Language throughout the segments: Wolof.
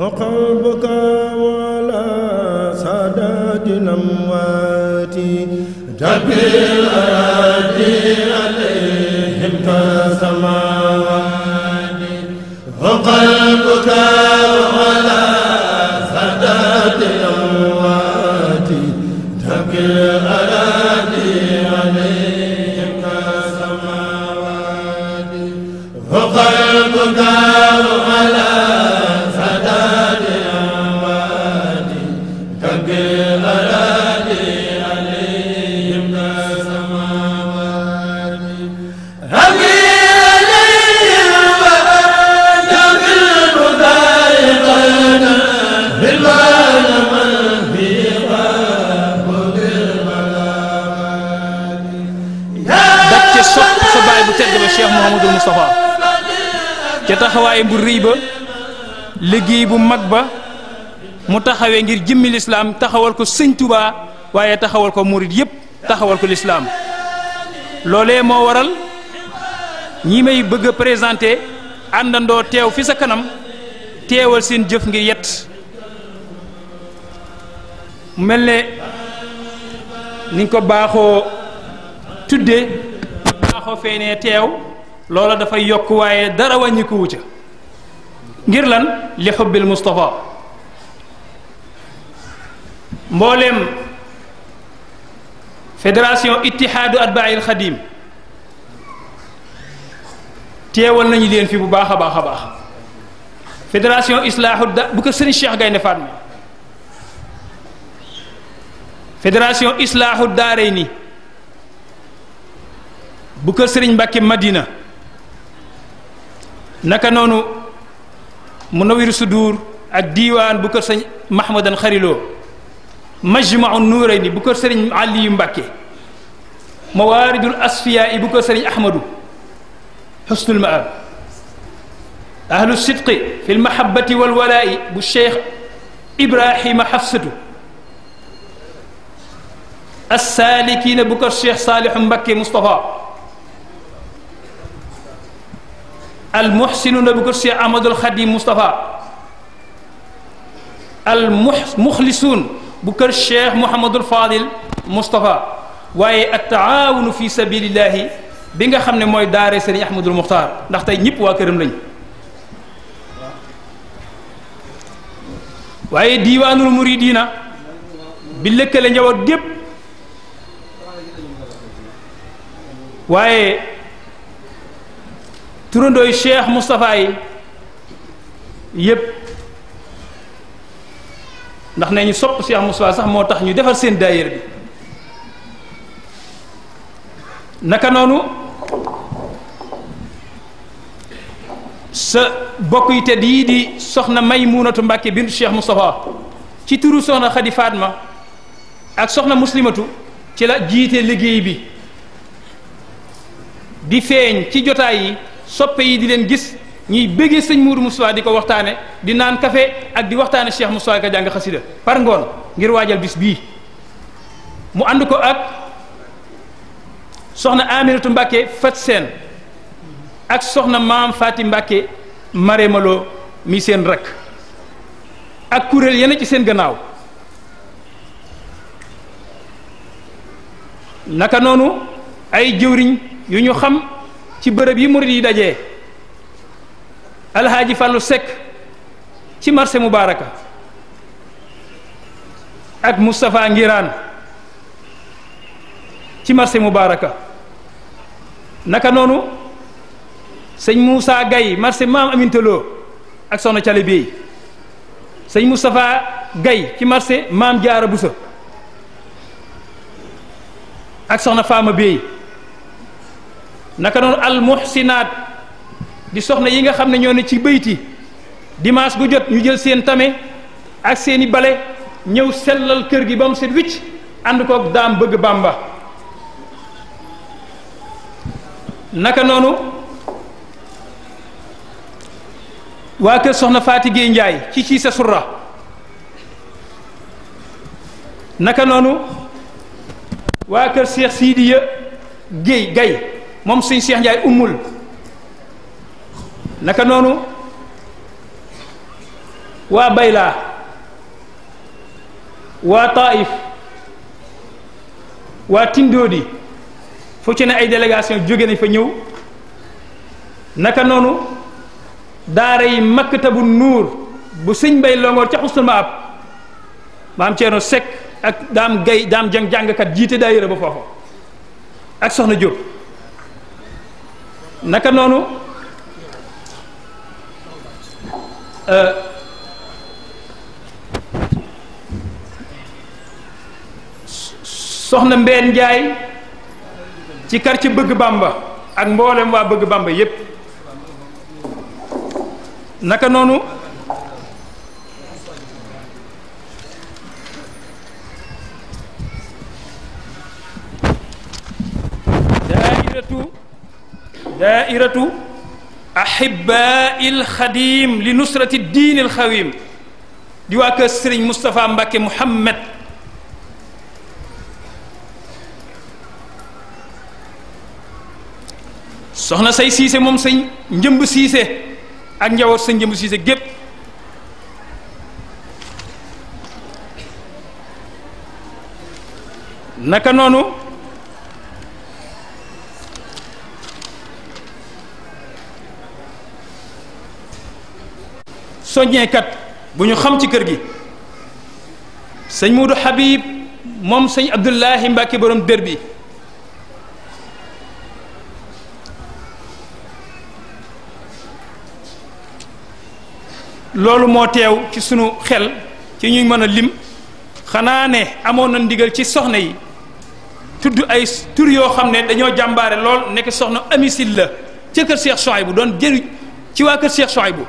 هقى البكاء على سادات الأموات جبي الأراضي عليهم كالسماوات هقى البكاء على سادات الأموات جبي الأراضي عليهم كالسماوات هقى البكاء على Mouhamadul Moustapha ca taxawaay bu ba liggéey bu mag ba mu taxawee ngir jëmmi lislaam taxawal ko sëñ Tuubaa waaye taxawal ko murit yépp taxawal ko lislaam loole moo waral ñi may bëgg a présenté àndandoo teew fi sa kanam teewal seen jëf ngir yet mel ne ni ko baaxoo tudde baaxoo feenee teew loola dafay yokk waaye dara wàññikuwu ca ngir lan li xubbil Moustapha mbooleem fédération ittihaadu atbaayil xadim teewal nañu leen fi bu baax a baax a baax fédération islaahu da bu ko fédération islaahu daaray ni bu ko sëriñ Mbàkke Madina naka noonu munawiru sudur ak diiwaan bu kër sëñ mahmadan xariloo majmau nuurayni bu kër sëriñ aliyu mbàkke mawaaridul asfiyaa yi bu kër sëriñ ahmadu xusnul maab ahlu sidqi fi lmahabati walwalaayi bu cheikh ibrahima xafsatu assaalikiina bu kër cheikh saalihu mbàkke mustapha al muhsinuna bi ko Cheikh Ahmadul Khadim Moustapha al muxlisuun bu kër Cheikh Mouhamadul Fadil Moustapha waaye at taawunu fi sabilillahi bi nga xam ne mooy daare Serigne Ahmadul Muxtaar ndax tey ñëpp waa këram lañ waaye diiwaanul muridina bi lëkkale njaboot gépp waaye turandooy Cheikh Moustapha yi yépp ndax ne ñu sopp Cheikh Moustapha sax moo tax ñu defar seen daayir bi naka noonu sa bokk yi tedd yii di soxna Maymunatu Mbàkke bintu Cheikh Moustapha ci turu soxna Xadi Fatma ak soxna muslimatu ci la jiite liggéey bi di feeñ ci jotaay yi soppe yi di leen gis ñuy bëggee sëñ Mourou Moussa di ko waxtaane di naan café ak di waxtaane Cheikh Moussa ka jàng par ngoon ngir waajal bis bii mu ànd ko ak soxna Aminatu Mbàkke fat seen ak soxna maam Faati Mbàkke maremaloo mi seen rakk ak kuréel yenn ci seen gannaaw naka noonu ay jëwriñ yu ñu xam ci bërëb yi murid yi daje alxaaji Fallou Seck ci marché Mubaraka ak Moustapha Ngiraan ci marché Mubaraka naka noonu sëñ Moussa Gaye marché Maam Amintaloo ak soxna Cali Bey sëñ Moustapha gay ci marché Maam Jaara Busa ak soxna Faama Bey naka noonu almuhsinaat di soxna yi nga xam ne ñoo ne ci bayti dimaas gu jot ñu jël seen tame ak seeni i bale ñëw sellal kër gi ba mu set wicc ànd koog daam bëgg bàmba naka noonu waa kër soxna Faati Géey Njaay ci ci sa surra naka noonu waa kër Seex Siidiya Géey Gay moom sëñ Cheikh Ndiaye ummul naka noonu waa Bayla waa Taif waa Tindóodi fu ci ne ay délégation jóge nañ fa ñëw naka noonu daara yi maktabu nuur bu sëñ bay longoor ca xustul maab maam Ceerno Sekk ak daam gay daam jàng jàngkat jiite daayira ba foofu ak soxna Jóob naka noonu euh, soxna Mbeen Njaay ci quartier bëgg Bamba ak mboolem waa bëgg Bamba yépp naka noonu daayiratu daairatu ahibaail xadim li nusrati diin il xawim di waa kër sëriñ Moustapha Mbacke Mouhamed soxna say siise moom sa njëmb siise ak njawoot sa njëmb siise gépp naka noonu soññeekat bu ñu xam ci kër gi sëñ Muudu Habib moom sëñ Abdullahi Mbàkke borom dër bi loolu moo teew ci sunu xel ci ñuy mën a lim xanaa ne amoon na ndigal ci soxna yi tudd ay tur yoo xam ne dañoo jàmbaare lool nekk soxna amisil la ca kër Cheikh bu doon jëriñ ci waa kër Cheikh Souhaïbou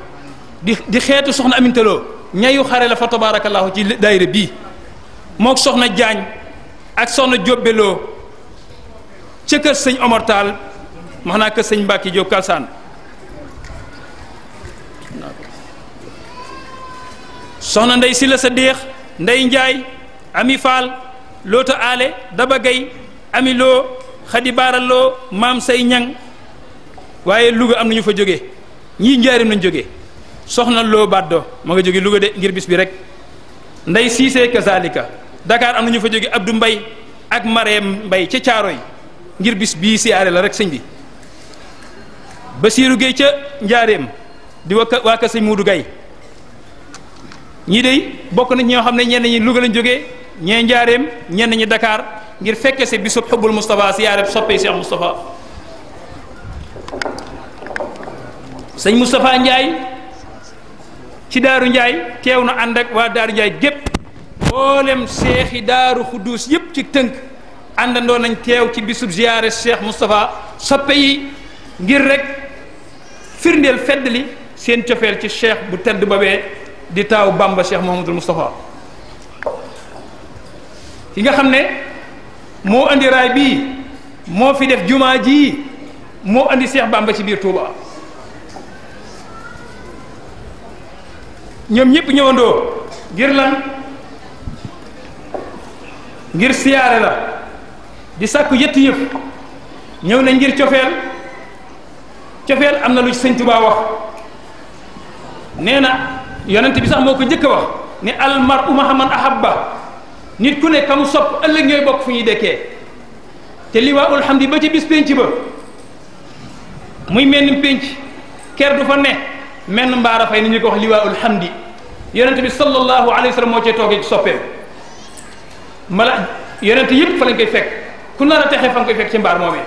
di di xeetu soxna amintaloo ñayu xare la fa tabaarakallaahu ci daayira bii mook soxna jaañ ak soxna jóbbeloo ca kër sëñ Omar Tall max kër sëñ Mbàkke Jóob Kalsaan soxna ndey si la sa déex ndey njaay ami faal looto aale daba gay ami loo xadi maam say ñang waaye Louga am na ñu fa jóge ñii njaarim nañ jóge soxna loo baddo ma nga jóge Louga de ngir bis bi rek ndey siisee kazalika dakaar am na ñu fa jóge Abdou Mbay ak Mareem Mbay ca Caaroy ngir bis bii siyaare la rek sëñ bi Basiiru Géey ca Njaareem di wakka waa ka Muudu Gay ñii de bokk nañ ñoo xam ne ñenn ñi Louga lañ jógee ñee Njaareem ñenn ñi dakaar ngir fekke si bisub xubbul Moustapha siyaare soppee Cheikh Moustapha sëñ Moustapha ci daaru njaay teew na ànd ak waa daaru njaay gépp mboolem seexi daaru xudduus yépp ci tënk àndandoo nañ teew ci bisub ziyaare cheikh moustapha soppe yi ngir rek firndeel fedd li seen cofeel ci cheikh bu tedd babee di taaw bamba cheikh mohamadul moustapha ki nga xam ne moo andi raay bii moo fi def jumaa jii moo indi cheikh bàmba ci biir Touba ñoom ñëpp ñëwandoo ngir lan ngir siyaare la di sàkku yëtt yëpp ñëw na ngir cofeel cofeel am na lu ci sëñ Tuubaa wax nee na yonent bi sax moo ko njëkk a wax ne almar uma xaman ahabba nit ku ne kamu sopp ëllëg ñooy bokk fu ñuy dekkee te liwaa ulhamdi ba ci bis pénc ba muy mel ni pénc ker du fa ne menn mbaara fay ni ñu ko wax liwaa ulhamdi yonent bi sallallahu alayhi wa sallam moo cee toogee ci soppeem mala yonent yëpp fa lañ koy fekk ku nar a texee fa nga koy fekk ci mbaar moomee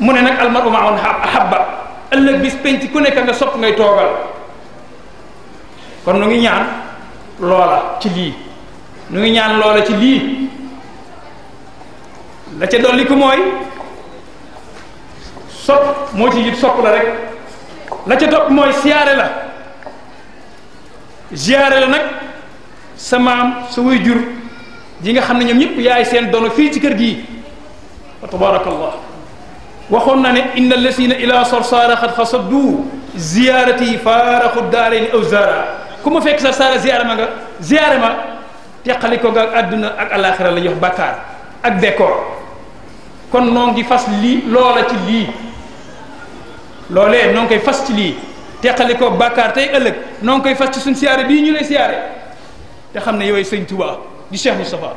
mu ne nag almaru ma oon habba ëllëg bis penc ku nekk nga sopp ngay toogal kon nu ngi ñaan loola ci lii nu ngi ñaan loola ci lii la ca dolli ko mooy sopp moo ci yit sopp la rek la ca topp mooy siyaare la siyaare la nag sa maam sa way jur ji nga xam ne ñoom ñëpp yaay seen dono fii ci kër gii wa tabaarakallah waxoon na ne inna allazina ila sarsaara xad xasaddu ziyaarati faaraxu daarayni aw zaara ku ma fekk sa saara ziyaare ma nga ziyaare ma teqali ko nga ak àdduna ak alaaxira la jox bàkkaar ak bekkoor kon noo ngi fas lii loola ci lii loolee noo ngi koy fas ci lii teqali ko bàkkaar tey ëllëg noo ngi koy fas ci suñ siyaare bii ñu lay siyaare te xam ne yooyu sëñ Tuubaa di Cheikh Moustapha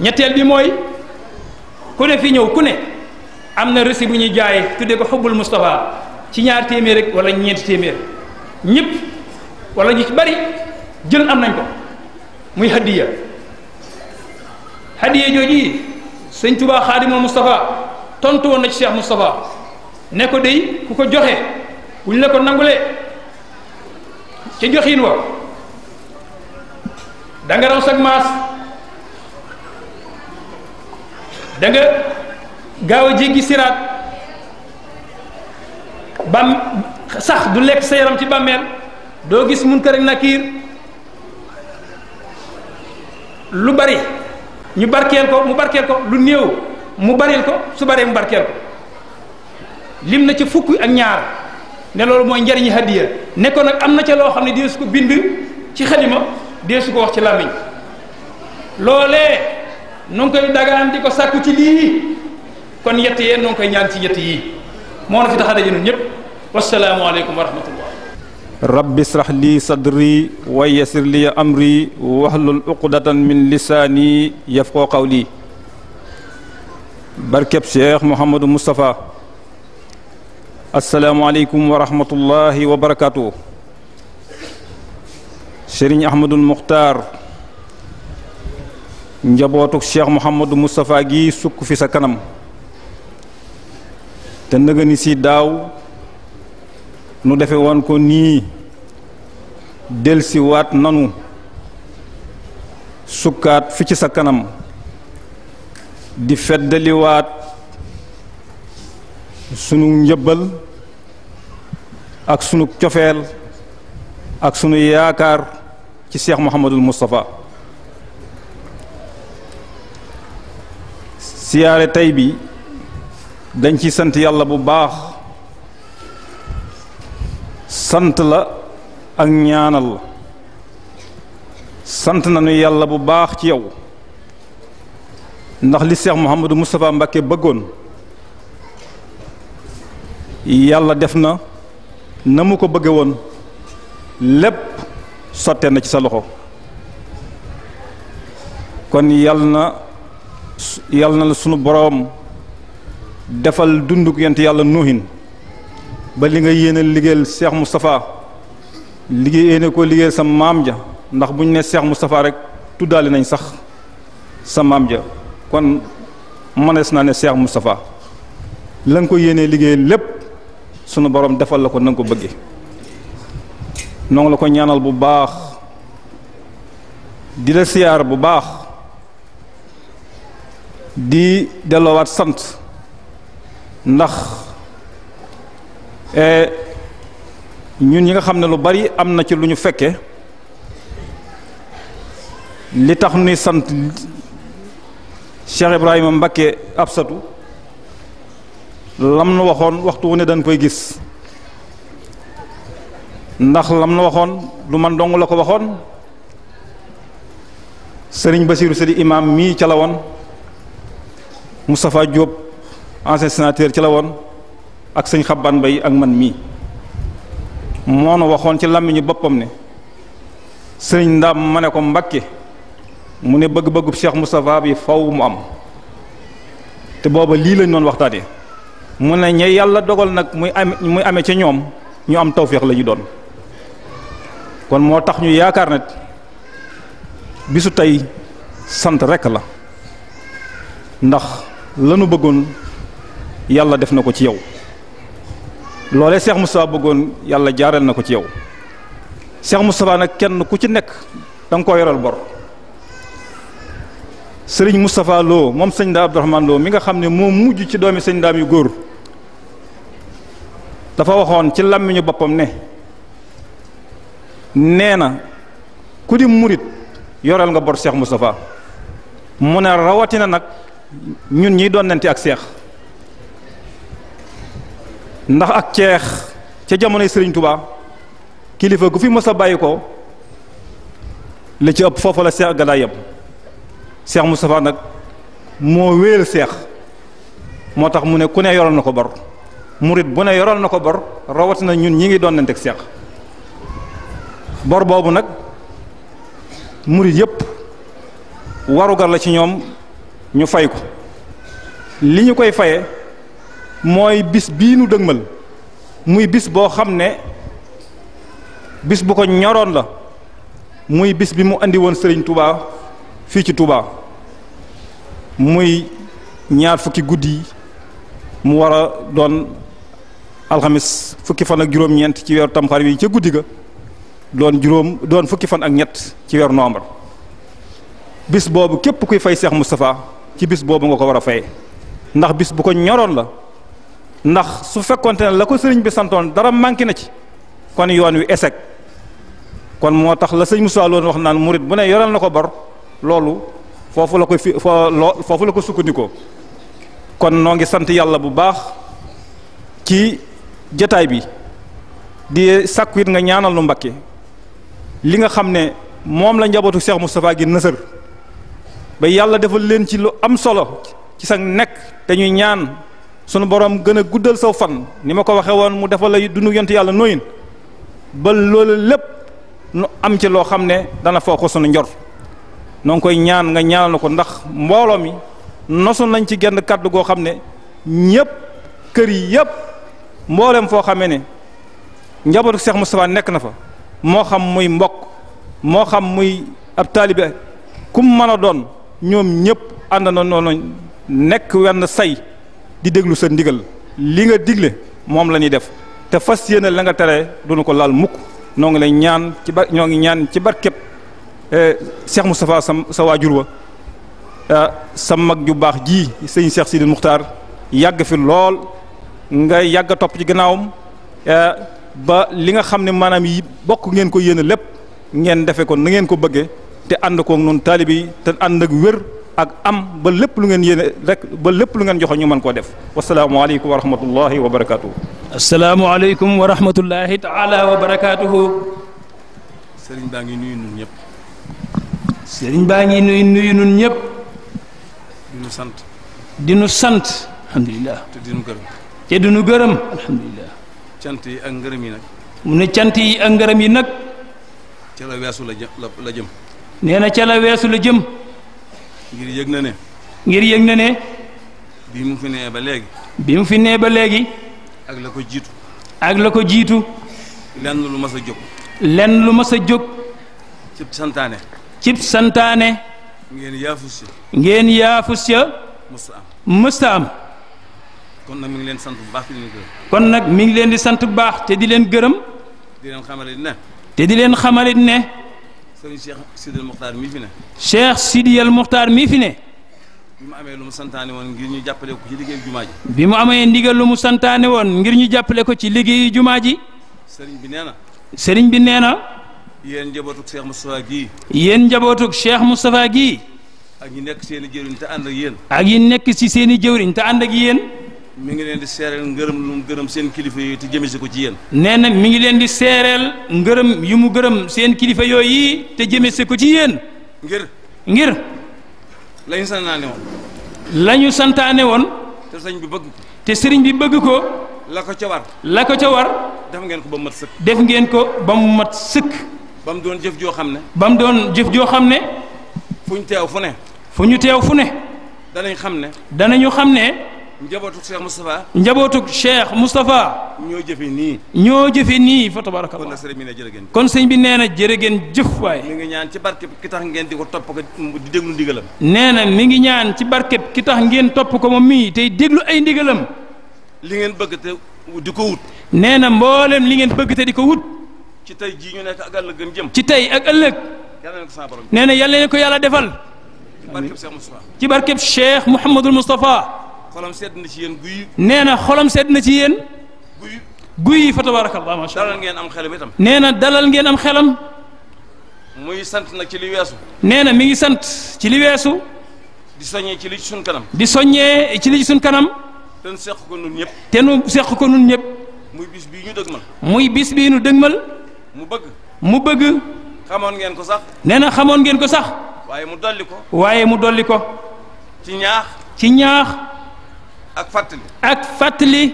ñetteel bi mooy ku ne fi ñëw ku ne am na récit bu ñuy jaay tudde ko xubbul Moustapha ci ñaar téeméer rek wala ñeenti téeméer ñëpp walla ñu ci bari jël am nañ ko muy hadiya hadiya jooju yi sëñ Tuubaa xaadimal Moustapha tontu woon na ci Cheikh Moustapha ne ko dey ku ko joxe buñ la ko nangulee ca joxin wa da nga raw sag maas da nga gaaw a jéggi siraat bam sax du lekk sa yaram ci bàmmeel doo gis munkar ak nakiir lu bari ñu barkeel ko mu barkeel ko lu néew mu baril ko su baree mu barkeel ko lim na ci fukk ak ñaar ne loolu mooy njariñ hadiya ne ko nag am na ca loo xam ne dee su ko bind ci xalima dee su ko wax ci làmmiñ loolee nu ngi koy dagaan di ko sàkku ci lii kon yett yee nu koy ñaan ci yett yii moo na fi tax a daje ñun ñëpp wassalaamu aleykum wa rahmatullah rabbi israh li sadri wa yassir li amri wahlul uqdatan min lisaani yafqahu qawli barkeb cheikh Mouhamadou Moustapha asalaamualeykum wa rahmatullahi wa barakaatu. Serigne Ahmadul Muxtaar njabootuk cheikh Mouhamadou Moustapha gi sukk fi sa kanam te nëgëni si daaw nu defe woon ko nii delsi waat nanu sukkaat fi ci sa kanam di feddaliwaat sunu njëbbal ak sunu cofeel ak sunu yaakaar ci seex Muhammadul Moustapha siyaare tey bi dañ ci sant yàlla bu baax sant la ak ñaanal sant nanu yàlla bu baax ci yow ndax li Cheikh Mouhamadou Moustapha Mbacké bëggoon yàlla def na na mu ko bëgge woon lépp sotte na ci sa loxo kon yàlla na yàlla na la sunu boroom defal dunduk yent yàlla nuuhin ba li nga yéene liggéeyal Cheikh Moustapha liggéey yéene koo liggéeyal sa maam ja ndax bu ñu ne Cheikh Moustapha rek tuddaale nañ sax sa maam ja kon mënees naa ne Cheikh Moustapha la nga ko yéenee liggéey lépp sunu borom defal la ko na ko bëgge noo la ko ñaanal bu baax di la siyaar bu baax di delloowaat sant ndax e, ñun ñi nga xam ne lu bari am na ci lu ñu fekke li tax nuy sant Cheikh Ibrahima Mbakke Absatu lam nu waxoon waxtu ne dañ koy gis ndax lam nu waxoon du man dong la ko waxoon sëriñ Basiiru Sëdi imaam mii ca la woon Moustapha Diop ancien sénateur ca la woon ak sëñ Xabban Bay ak man mii moo nu waxoon ci làmmiñu boppam ne sëriñ Ndaam ma ne ko Mbakke mu ne bëgg-bëggub Cheikh Moustapha bi faw mu am te booba lii lañ doon waxtaanee mu ne ñe yàlla dogal nag muy am muy amee ca ñoom ñu am tawféex la ñu doon kon moo tax ñu yaakaar ne bisu tey sant rekk la ndax lanu bëggoon yàlla def na ko ci yow loolee Cheikh Moustapha bëggoon yàlla jaareel na ko ci yow Cheikh Moustapha nag kenn ku ci nekk da nga ko yoral bor sëriñ Moustapha Lo moom sëñ daa Abdourahmane Lo mi nga xam ne moo mujj ci doomi sëñ daam yu góor dafa waxoon ci làmmiñu boppam ne nee na ku di murit yoreel nga bor Cheikh Moustapha mu ne rawatina nag ñun ñiy donnante ak seex ndax ak ceex ca jamonoy sëriñ Touba kilifa gu fi mës a bàyyi ko li ci ëpp foofu la seex ga daa Cheikh Moustapha nag moo wéyal seex moo tax mu ne ku ne yoral na ko bor murit bu ne yoral na ko bor rawatina ñun ñi ngi doon ak seex bor boobu nag murit yépp warugar la ci ñoom ñu fay ko li ñu koy faye mooy bis bii nu dëgmal muy bis boo xam ne bis bu ko ñoroon la muy bis bi mu indi woon sëriñ Touba fii ci Touba muy ñaar fukki guddi yi mu war a doon alxamis fukki fan ak juróom-ñeent ci weeru tamxarit bi ca guddi ga doon juróom doon fukki fan ak ñett ci weeru novembre bis boobu képp kuy fay Seex Moustapha ci bis boobu nga ko war a fay ndax bis bu ko ñoroon la ndax su fekkonte ne la ko sëriñ bi santoon dara manqué na ci kon yoon wi esek kon moo tax la sëñ Moussa loon wax naan murit bu ne yoral na ko bor loolu foofu la ko fi foofu la ko sukkandikoo kon noo ngi sant yàlla bu baax ci jataay bi di sakku it nga ñaanal nu Mbakke li nga xam ne moom la njabootu Cheikh Moustapha gi nësër ba yàlla defal leen ci lu am solo ci sa nekk dañuy ñaan sunu boroom gën a guddal saw fan ni ma ko waxee woon mu defal du dunu yont yàlla nooyin ba loolu lépp nu am ci loo xam ne dana foo ko sunu njor. noo koy ñaan nga ñaanal na ko ndax mbooloo mi nosu nañ ci genn kàddu goo xam ne ñëpp kër yi yëpp mboolem foo xamee ne njabootu Cheikh Moustapha nekk na fa moo xam muy mbokk moo xam muy ab taalibe kum mën a doon ñoom ñëpp ànd na noonu nekk wenn say di déglu sa ndigal li nga digle moom la ñuy def te fas yéene la nga tere duñu ko laal mukk noo ngi lay ñaan ci bar ñoo ngi ñaan ci barkeb Eh, Cheikh Moustapha sa sa waajur wa eh, sa mag ju baax ji sëñ Cheikh Sidil Muxtaar yàgg fi lool nga yàgg topp ci gannaawam eh, ba li nga xam ne maanaam yi bokk ngeen ko yéene lépp ngeen defe ko na ngeen ko bëggee te ànd koo noonu taalibe yi te ànd ak wér ak am ba lépp lu ngeen yéene rek ba lépp lu ngeen joxe ñu mën koo def wasalaamualeykum wa rahmatullahi wa barakaatu. asalaamualeykum wa rahmatullahi taala wa barakaatu. sëriñ baa ngi nuyu ñun ñëpp. sëriñ baa ngi nuyu nuyu nun ñëpp. di sant. di sant. alhamdulilah te di nu gërëm. te di gërëm alhamdulilah. cant yi ak ngërëm yi nag. mu ne cant yi ak ngërëm yi nag. ca la weesu la jëm. nee na ca la weesu la jëm. ngir yëg na ne. ngir yëg na ne. bi mu fi nee ba léegi. bi mu fi nee ba léegi. ak la ko jiitu. ak la ko jiitu. lenn lu mas a jóg. lenn lu mas a jóg. cib santaane. cib santaane ngeen yaafus ya ngeen yaafus ya mësta am kon nag mi ngi leen bu baax di kon nag mi ngi leen di sant bu baax te di leen gërëm di leen xamalit ne te di leen xamalit ne sëriñ Cheikh Sidiyal Muxtaar mii fi ne Cheikh Sidiyal Muxtaar mii fi ne bi mu amee lu mu santaane woon ngir ñu jàppale ko ci liggéeyu jumaa ji bi mu amee ndigal lu mu santaane woon ngir ñu jàppale ko ci liggéeyu jumaa ji sëriñ bi nee na sëriñ bi nee na yéen njabootug Cheikh Moustapha gi yéen njabootug Cheikh Moustapha gii. ak ñi nekk seen i jëwriñ te ànd ak yéen. ak ñi nekk si seeni i jëwriñ te ànd ak yéen. mi ngi leen di seereel ngërëm mu gërëm seen kilifa yooyu te jëmesi ko ci yéen. nee na mi ngi leen di seereel ngërëm yu mu gërëm seen kilifa yooyu te jëme jëmesi ko ci yéen. ngir. ngir. lañu santaane woon. lañu santaane woon. te sëriñ bi bëgg ko. te sëriñ bi bëgg la ko ca war. la ko ca war. ngeen ko ba mu def ngeen ko ba mu mat sëkk. ba mu doon jëf joo xam ne. ba doon jëf joo xam ne. fu ñu teew fu ne. fu ñu teew fu ne. danañ xam ne. danañu xam ne. njabootu Cheikh Moustapha. njabootu Cheikh Moustapha. ñoo jëfe nii. ñoo jëfe nii fa tabarakallah. kon sëriñ bi nee jërë ngeen kon sëñ bi nee na jërë ngeen jëf waay. mi ngi ñaan ci barkeb ki tax ngeen di ko topp ko di déglu ndigalam. nee na mi ngi ñaan ci barkeb ki tax ngeen topp ko moom mii tey déglu ay ndigalam. li ngeen bëgg te di ko wut. nee na mboolem li ngeen bëgg te di ko wut. ci tey jii ñu nekk ak ëllëg gën jëm. ci tey ak ëllëg. nee na yàlla na ko yàlla defal. ci barkeb Cheikh Mouhamadul Moustapha. xolam sedd na ci yéen guy. nee na xolam sedd na ci yéen. guy guy yi fa tabarakallah macha allah dalal ngeen am xelam itam. nee na dalal ngeen am xelam. muy sant na ci li weesu. nee na mi ngi sant ci li weesu. di soññee ci li ci di soññee ci li ci suñ kanam. seq ko nun ñëpp. te nu seq ko nun ñëpp. muy bis bii ñu dëgmal. muy bis bii ñu dëgmal. mu bëgg. mu bëgg. xamoon ngeen ko sax. nee na xamoon ngeen ko sax. waaye mu dolli ko. waaye mu dolli ko. ci ñaax. ci ñaax. ak fàttali. ak fàttali.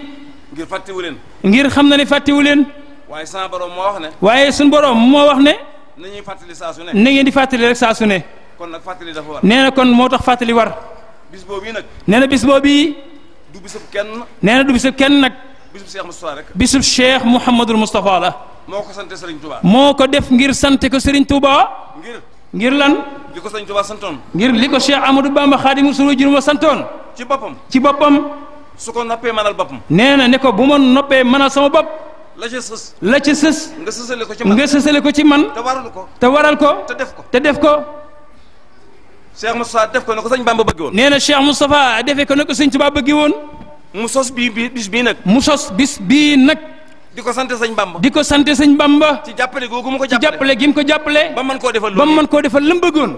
ngir fàttiwu leen. ngir xam na ni fàttiwu leen. waaye sama borom moo wax ne. waaye sunu borom moo wax ne. na fàttali saa ne. na ngeen di fàttali rek saa ne. kon nag fàttali dafa war. nee kon moo tax fàttali war. bis boobu nag. neena na bis boobu. du bisab kenn. nee na du bisab kenn nag. bisub Cheikh Moustapha rek. bisub Cheikh Mouhamadul Moustapha la. moo ko sant Serigne Touba. moo ko def ngir sant ko Serigne Touba. ngir ngir lan. li ko Serigne Touba santoon. ngir li ko Cheikh Amadou Bamba Xaadimu Rasuul ma santoon. ci boppam su ko noppee mënal boppam. nee na ne ko bu ma noppee mënal sama bopp. la ca sës la ca sës. nga ko ci man nga sësale ko ci man. te waral ko te waral ko. def ko te def ko. Cheikh Moustapha ko ne ko sëñ Bamba bëggee woon. nee na Cheikh Moustapha defee ko ne ko sëñ Touba bëggee mu sos bii bi nag. mu sos bis bii nag. di ko sant sëñ Bamba. di ko sante sëñ Bamba. ci jàppale googu mu ko jàppale ci jàppale gi mu ko jàppale. ba mën koo defal loolu ba koo defal la mu bëggoon.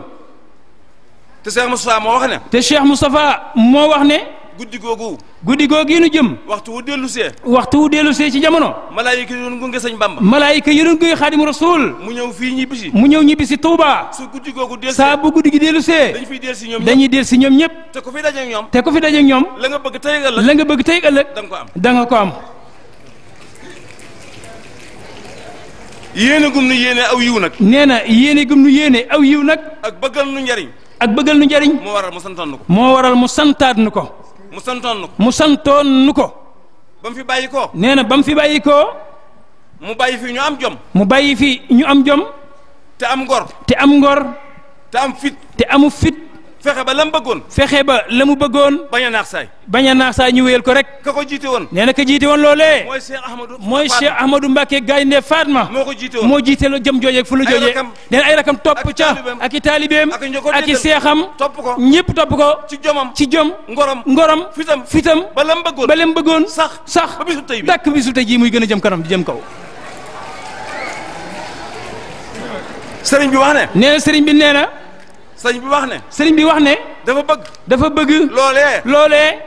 te Cheikh Moustapha moo wax ne. te Cheikh Moustapha moo wax ne. guddi googu guddi googu yi nu jëm waxtu wu dellu see waxtu wu dellu see ci jamono malaayika yi doon gunge sëñ Bamba malaayika yi doon gunge xaadimu rasul mu ñëw fii ñibbisi mu ñëw ñibbisi Touba su guddi googu dellu see saa bu guddi gi dellu si ñoom dañuy dellu si ñoom ñëpp te ku fi dajeeg ñoom ku fi dajeeg ñoom la nga bëgg tey ëllëg la nga bëgg tey ëllëg da ko am da nga ko am yéene gum yéene aw yiw nag nee na yéene gum yéene aw yiw nag ak bëggal nu njariñ ak bëggal nu njariñ moo waral mu santaat ko moo waral mu santaat nu ko mu santoon nu ko mu santoon nu ko. ba fi bàyyi koo. nee na bam mu fi bàyyi koo. mu bàyyi fi ñu am jom. mu bàyyi fi ñu am jom. te am ngor. te am ngor. te am fit. te amu fit. fexe ba la mu fexe ba la mu bëggoon. bañ a naax bañ a naax saay ñu wéyal ko rek. ka jiite woon. nee na ka jiite woon loolee. mooy Cheikh Ahmadou. mooy Cheikh Ahmadou Mbacke Gaynde moo ko jiite woon moo jiite la jëm jooje ak fu la jooje. nee na ay rakam topp ca ak i taalibeem ak i seexam. topp ko ñëpp topp ko. ci jomam ci jom. ngorom ngorom. fitam fitam. ba la mu la mu bëggoon. sax sax ba tey bi dàkk bisu jii muy gën a jëm kanam di jëm kaw. sëriñ bi wax ne. nee na sëriñ bi nee na sëriñ bi wax ne. sëriñ bi wax ne. dafa bëgg. dafa bëgg. loolee. loole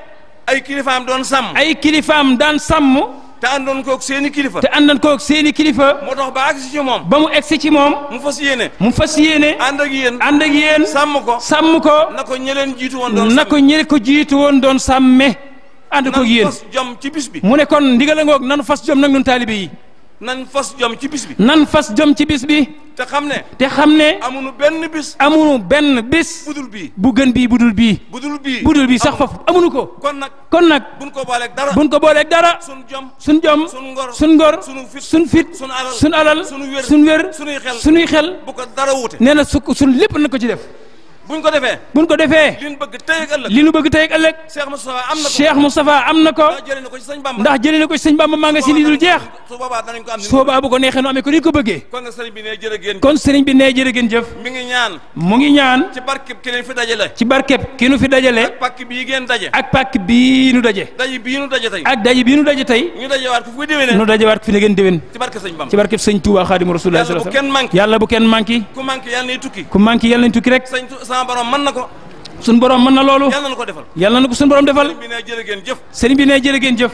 ay kilifaam doon sàmm. ay kilifaam daan sàmm. te àndoon koog seeni kilifa. te àndoon koog seeni kilifa. moo tax ba ba mu egsi ci moom. mu fas yéene. mu fas yéene. ànd ak yéen. ànd ak yéen. sàmm ko. sàmm ko. na ko jiitu woon doon sàmm ko ñële woon doon sàmme. ànd koog yéen jom ci bi. mu ne kon ndigal ngoog nanu fas jom nag ñun taalibe yi. nan fas jom ci bis bi. nan fas jom ci bis bi. te xam ne. te xam ne. amuñu benn bis. amuñu benn bis. budul bi bu gën bii budul bii. budul bi budul bii sax foofu amuñu ko. kon nag kon nag. buñ ko booleeg dara buñ ko booleeg dara. suñ jom suñ jom. suñ ngor suñ ngor. suñu fit suñ fit. suñ alal suñ alal. suñ wér suñ wér. suñuy xel suñuy xel. bu ko dara wuute. nee na su suñ lépp na ko ci def. bu ko ko defee li ñu bëgg tey ëllëg li ñu am na ko Cheikh Moustapha am na ko ndax jëlee na ko ci sëñ Bamba ndax jëlee na ko nga si lii dul jeex su bu ko neexee nu amee ko ni bëggee kon sëriñ bi nee jërë ngeen jëf ngi ñaan mu ngi ñaan ci barkeb ki fi dajale ci barkeb ki ñu fi dajale ak pàkk bii ngeen daje ak pàkk bii nu daje daje bii nu daje tey nu daje tey ko fi ne ngeen déwén ci barkeb sëñ Bamba Xaadimu Rasulullah sallallahu alayhi yàlla bu kenn manki ku manki yàlla nay tukki ku manki yàlla nay sama mën na ko suñ borom mën na loolu yàlla na ko defal yàlla na ko suñ borom defal sëriñ bi ne jërë ngeen bi ne jërë ngeen gi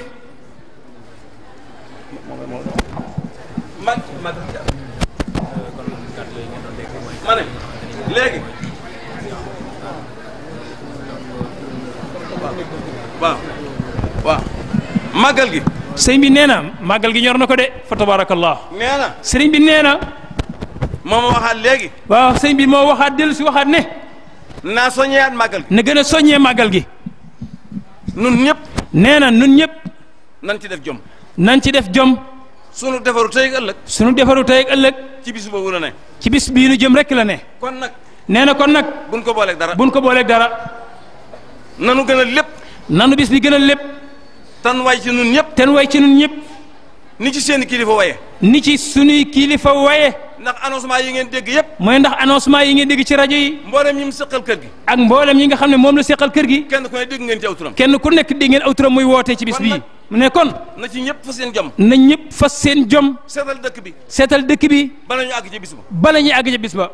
sëy bi nee na màggal gi ñor na ko de fa tabarakallah nee na sëriñ bi nee na moo waxaat léegi waaw sëriñ bi moo waxaat dellu si waxaat ne naa soññeeyaat màggal gi. na gën a soññee màggal gi. nun ñëpp. nee na nun ñëpp. nan ci def jom. nan ci def jom. sunu defaru tey ak ëllëg. sunu defaru tey ak ci bis boobu la ci bis bii nu jëm rek la ne. kon nag. nee na kon nag. buñ ko booleeg dara buñ ko booleeg dara. nanu gën a lépp. nanu bis bi gën a lépp. tan way ci nun ñëpp. tan way ci nun ñëpp. ni ci seen kilifa waye. ni ci sunuy kilifa waye. ndax annoncement yi ngeen dégg yëpp mooy ndax annoncement yi ngeen dégg ci rajo yi mboolem ñi mu seqal kër gi ak mboolem ñi nga xam ne moom la seqal kër gi kenn ku ne dégg ngeen ci aw kenn ku nekk dégg ngeen aw turam muy wootee ci bis bii mu ne kon na ci ñëpp fas seen jom na ñëpp fas jom seetal dëkk bi seetal dëkk bi bala ñu àgg ci bis ba bala ñu àgg ci bis ba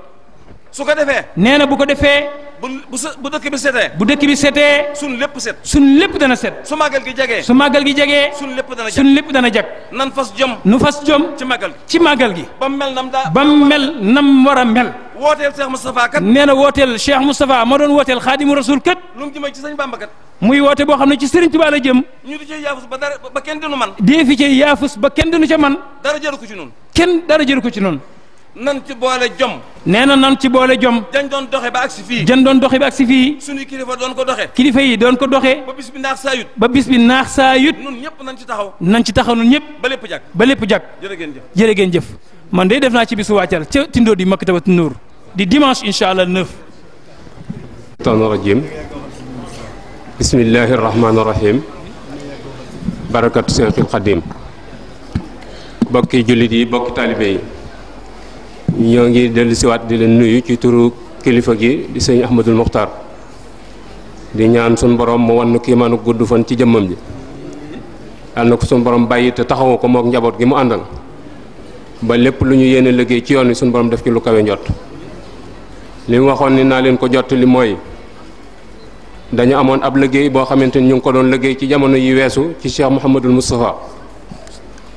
su ko defee. nee na bu ko defee. bu bu bu dëkk bi setee. bu dëkk bi setee. suñ lépp set. suñ lépp dana set. su màggal gi jegee. su màggal gi jegee. suñ lépp dana jag lépp dana jag. nan fas jom. nu fas jom. ci màggal gi ci màggal gi. ba mel nam daa ba mel nam war a mel. wooteel Cheikh Moustapha kat. nee na wooteel Cheikh Moustapha ma doon wooteel xaadimu rasul kat. lu mu jëmee ci sëñ Bamba kat. muy woote boo xam ne ci Serigne Touba la jëm. ñu di ci yaafus ba dara ba kenn dinu man. dee fi ba kenn dinu ca man. dara jëru ko ci noonu. kenn dara jëru ko ci noonu. nan ci boole jom. nee na nan ci boole jom. dañ doon doxe ba agsi fii. dañ doon doxe ba agsi fii. suñu kilifa doon ko doxe. kilifa yi doon ko doxe. ba bis bi naax saa yut. ba bis bi naax saa yut. nun ñëpp nañ ci taxaw. nañ ci taxaw nun ñëpp. ba lépp jàkk ba lépp jàkk. jërë ngeen jëf jërë ngeen jëf. man de def naa ci bisu wàccal ca Tindoo di Maktabatu Nuur di dimanche incha allah neuf. shaytaani rajim. bismillahi rahmaani rahim. barakatu Seexul Xadim. bokki jullit yi bokki taalibe yi. ñoo ngi dellu siwaat di leen nuyu ci turu kilifa gi di sëñ Ahmadul Muxtaar di ñaan suñu borom mu wan kii maanu gudd fan ci jëmmam ji yàlla na ko suñu borom bàyyi te taxawu ko mook njaboot gi mu àndal ba lépp lu ñu yéene liggéey ci yoon wi suñu borom def ci lu kawe njott li waxoon ni naa leen ko jot li mooy dañu amoon ab liggéey boo xamante ni ñu ngi ko doon liggéey ci jamono yi weesu ci Cheikh Mouhamadul Moustapha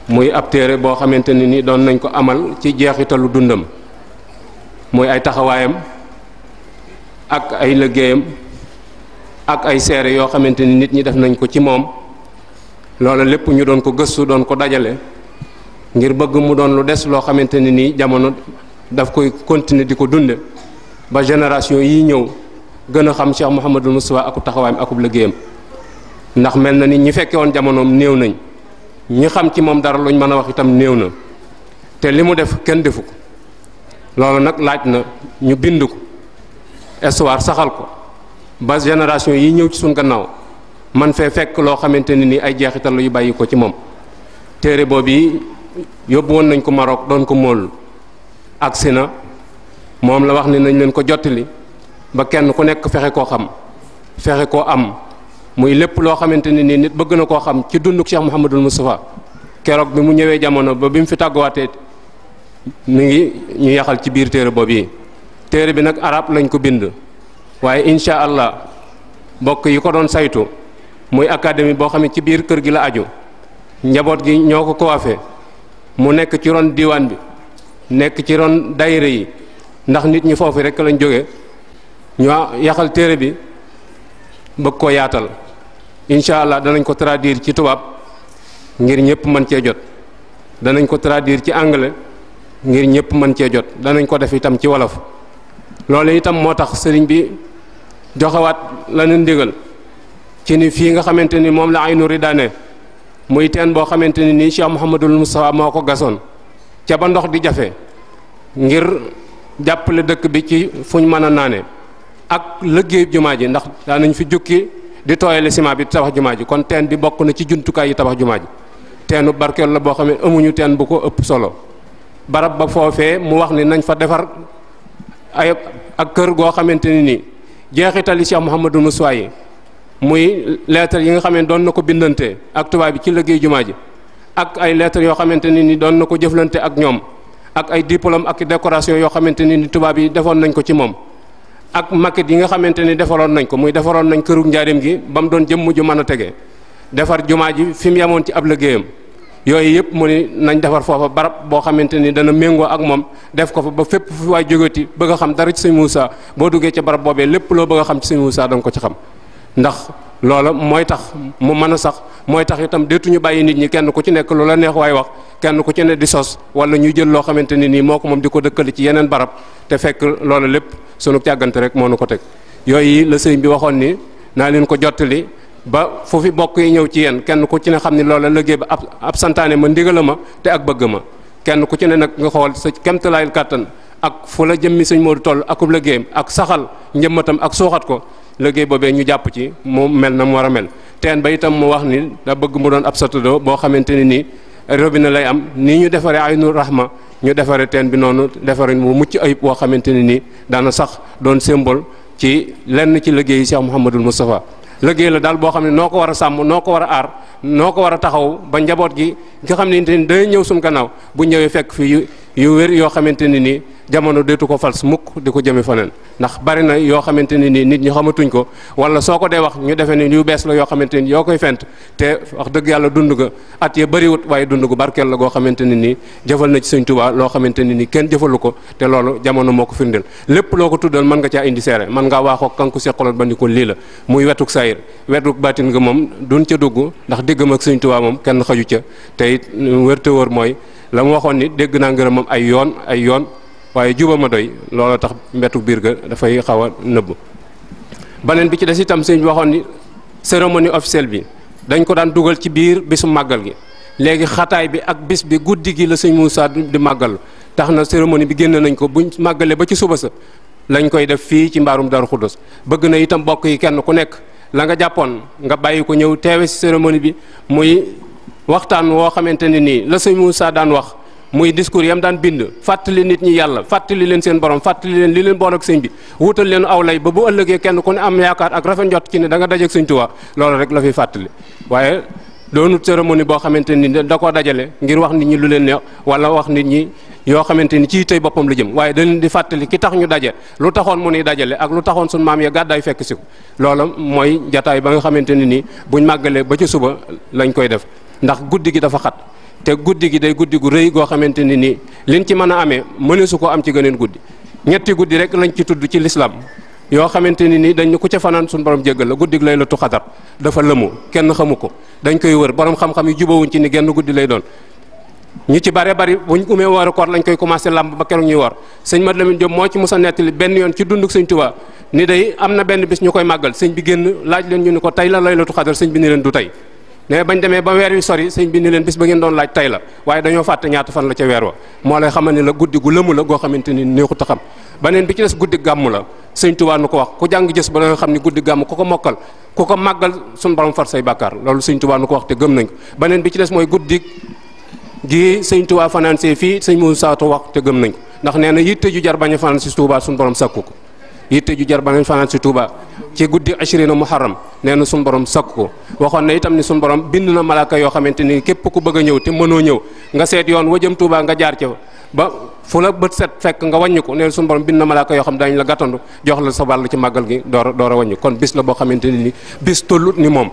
muy ab téere boo xamante ne ni doon nañ ko amal ci jeexitalu dundam muy ay taxawaayam ak ay liggéeyam ak ay seere yoo xamante ni nit ñi def nañ ko ci moom loola lépp ñu doon ko gëstu doon ko dajale ngir bëgg mu doon lu des loo xamante ne nii jamono daf koy continuer di ko dunde ba génération yi ñëw gën a xam Cheikh Mouhamadul Moustapha aku taxawaayam akub liggéeyam ndax mel na ni ñu fekke woon jamonoom néew nañ ñu xam ci moom dara luñ mën a wax itam néew na te li mu def kenn defu ko loolu nag laaj na ñu bind ko histoire saxal ko ba génération yi ñëw ci suñ gannaaw man fee fekk loo xamante ne ni ay jeexital yu bàyyi ko ci moom téere boobu yi yóbbu woon nañ ko Maroc doon ko mool agsi na moom la wax ne nañ leen ko jottali ba kenn ku nekk fexe koo xam fexe koo am muy lépp loo xamante ni nii nit bëgg na koo xam ci dunduk Cheikh Mouhamadul Moustapha keroog bi mu ñëwee jamono ba bi mu fi tàgguwaatee mu ngi ñu yaxal ci biir téere boobu yi téere bi nag arab lañ ko bind waaye incha allah mbokk yi ko doon saytu muy académie boo xam ci biir kër gi la aju njaboot gi ñoo ko coiffé mu nekk ci ron diwaan bi nekk ci ron daayira yi ndax nit ñi foofu rek lañ jóge ñu yaxal téere bi bëgg koo yaatal incha allah danañ ko traduire ci tubaab ngir ñëpp mën cee jot danañ ko traduire ci anglais ngir ñëpp mën cee jot danañ ko def itam ci wolof loolu itam moo tax sëriñ bi joxewaat lañu ndigal ci ni fii nga xamante ni moom la aynu ridaane muy teen boo xamante ni nii Cheikh Mouhamadul Moustapha moo ko gasoon ca ba ndox di jafe ngir jàppale dëkk bi ci fuñ mën a naane ak liggéey jumaa ji ndax daanañ fi jukki di tooyale ciment bi tabax jumaa ji kon teen bi bokk na ci jumtukaay yi tabax jumaa ji teenu barkeel la boo xam ne amuñu teen bu ko ëpp solo barab ba foofee mu wax ni nañ fa defar ay ak kër goo xamante ni nii jeexitali Cheikh Mouhamadou Moussa yi muy lettre yi nga xam ne doon na ko bindante ak tubaab bi ci liggéey jumaa ji ak ay lettre yoo xamante ni nii doon na ko jëflante ak ñoom ak ay diplôme ak décoration yoo xamante ni nii tubaab yi defoon nañ ko ci moom ak makket yi nga xamante ni defaroon nañ ko muy defaroon nañ këru njaarim gi ba mu doon jëmm ju mën a tege defar jumaa ji fi mu yemoon ci ab liggéeyam yooyu yëpp mu ni nañ defar foofa barab boo xamante ni dana méngoo ak moom def ko fa ba fépp fu waay jógati bëgg a xam dara ci sëñ Moussa boo duggee ca barab boobee lépp loo bëgg a xam ci sëñ Moussa danga ko ci xam ndax loola mooy tax mu mën a sax mooy tax itam déetuñu bàyyi nit ñi kenn ku ci nekk lu la neex waay wax kenn ku ci ne di sos wala ñuy jël loo xamante ni nii moo ko moom di ko dëkkale ci yeneen barab te fekk loola lépp sunu càggante rek moo nu ko teg yooyu la sëñ bi waxoon ni naa leen ko jottali ba fu fi bokk yi ñëw ci yéen kenn ku ci ne xam ni loola liggéey ba ab ab santaane ma ndigala ma te ak bëgg ma kenn ku ci ne nag nga xool sa kemtalaayil kàttan ak fu la jëmmi sëñ Moodu toll akub liggéeyam ak saxal njëmmatam ak suuxat ko léggéey boobee ñu jàpp ci mu mel na mu war a mel teen ba itam mu wax ni da bëgg mu doon ab satadoo boo xamante ne nii robine lay am nii ñu defaree ay nu rahma ñu defaree teen bi noonu defaree mu mucc ayib boo xamante ne nii daana sax doon symbole ci lenn ci liggéey yi Cheikh Mouhamadul Moustapha la daal boo xam ne noo ko war a sàmm noo ko war a aar noo ko war a taxaw ba njaboot gi nga xam ni day ñëw suñu gannaaw bu ñëwee fekk fi yu yu wér yoo xamante ne nii jamono deetu ko fals mukk di ko jëme faneen ndax bari na yoo xamante ne nii nit ñi xamatuñ ko wala soo ko dee wax ñu defee ni yu bees la yoo xamante ni yoo koy fent te wax dëgg yàlla dund nga at yee bëriwut waaye dund gu barkeel la goo xamante ne nii jëfal na ci sëñ loo xamante ne nii kenn jëfalu ko te loolu jamono moo ko firndeel lépp loo ko tuddal mën nga caa indi seere mën nga waaxoo kan ko seqaloon ba ni lii la muy wetuk saayir wetuk baatin nga moom duñ ca dugg ndax déggam ak sëñ moom kenn xaju ca te it wérte wóor mooy la mu waxoon ni dégg naa ngërëm moom ay yoon ay yoon waaye juba ma doy looloo tax mbetu biir ga dafay xaw a nëbb baneen bi ci des itam sëñ waxoon ni cérémonie officielle bi dañ ko daan dugal ci biir bisu màggal gi léegi xataay bi ak bis bi guddi gi la sëñ Moussa di màggal tax na cérémonie bi génn nañ ko buñ màggalee ba ci suba sa lañ koy def fii ci mbaarum Darou Khoudoss bëgg na itam bokk yi kenn ku nekk la nga jàppoon nga bàyyi ko ñëw teewe si cérémonie bi muy waxtaan woo xamante ne nii la sëñ muusaa daan wax muy discours yam daan bind fàttali nit ñi yàlla fàttali leen seen borom fàttali leen li leen bool ak sëñ bi wutal leen aw lay ba bu ëllëgee kenn ku ne am yaakaar ak rafet njot ci ne da nga dajeeg sëñ Tuubaa loolu rek la fi fàttali waaye doonu cérémonie boo xamante ni da koo dajale ngir wax nit ñi lu leen ne wala wax nit ñi yoo xamante ni ci tey boppam la jëm waaye da di fàttali ki tax ñu daje lu taxoon mu ni dajale ak lu taxoon suñu maam ya gàddaay fekk si ko mooy jataay ba nga xamante ne nii buñ màggalee ba ci suba lañ koy def ndax guddi gi dafa xat te guddi gi day guddi gu rëy goo xamante ni nii liñ ci mën a amee mëneesu ko am ci gëneen guddi ñetti guddi rek lañ ci tudd ci lislaam yoo xamante ni nii dañ ku ca fanaan suñu borom jéggal la guddi lay latu xadar dafa lëmu kenn xamu ko dañ koy wër borom xam-xam yi jubawuñ ci ni genn guddi lay doon ñu ci bare bari buñ umee wooru koor lañ koy commencé làmb ba keroog ñuy woor sëñ Mat Lamin Jóob moo ci mos a nettali benn yoon ci dunduk sëñ Tuubaa ni day am na benn bis ñu koy màggal sëñ bi génn laaj leen ñu ni ko tey la lay latu xadar sëñ bi ni du tey ne bañ demee ba weer wi sori sëñ bi ni leen bis ba ngeen doon laaj tey la waaye dañoo fàtte ñaata fan la ca weer wa moo lay xamal ne la guddi gu lëmu la goo xamante ni neexut a xam beneen bi ci des guddi gàmm la sëñ Tuubaa nu ko wax ku jàng gis ba da xam ne guddi gàmm ku ko mokkal ku ko màggal suñ borom far say bàkkaar loolu sëñ Tuubaa nu ko wax te gëm nañ ko beneen bi ci des mooy guddi gii sëñ Tuubaa fanaan fii sëñ Muusaa Saatu wax te gëm nañ ndax nee na yitte ju jar bañ a si Tuubaa suñu borom sakku ko yitte ju jar ba nañ fanaan si Touba ci guddi ashirina muharram nee na suñu borom sakk ko waxoon na itam ni suñu borom bind na malaaka yoo xamante ni képp ku bëgg a ñëw te mënoo ñëw nga seet yoon wa jëm Touba nga jaar ca ba fu la bët set fekk nga wàññi ko nee na suñu borom bind na malaaka yoo xam dañ la gàttandu jox la sa wàll ci màggal gi door door a wàññi kon bis la boo xamante ni bis tollut ni moom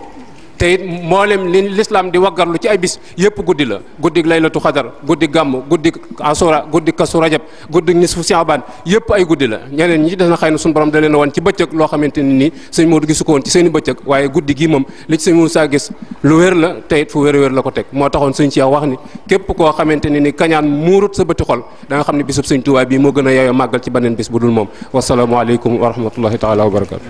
te it mboolem li lislaam di lu ci ay bis yëpp guddi la guddi laylatu xadar guddi gàmm guddi asura guddi kasu su guddi nisfu saaban yëpp ay guddi la ñeneen ñi ci des na xay na suñu borom da leen a wan ci bëccëg loo xamante ne nii sëñ Moodu gisu ko woon ci seen i bëccëg waaye guddi gii moom li ci sëñ Moodu saa gis lu wér la te it fu wér la ko teg moo taxoon sëñ Cheikh wax ni képp koo xamante ne ni kañaan muurut sa bëti xol da nga xam ne bisub sëñ Tuubaa bii moo gën a yeyoo màggal ci beneen bis bu dul moom wasalaamaaleykum wa rahmatullahi taala wa barakatu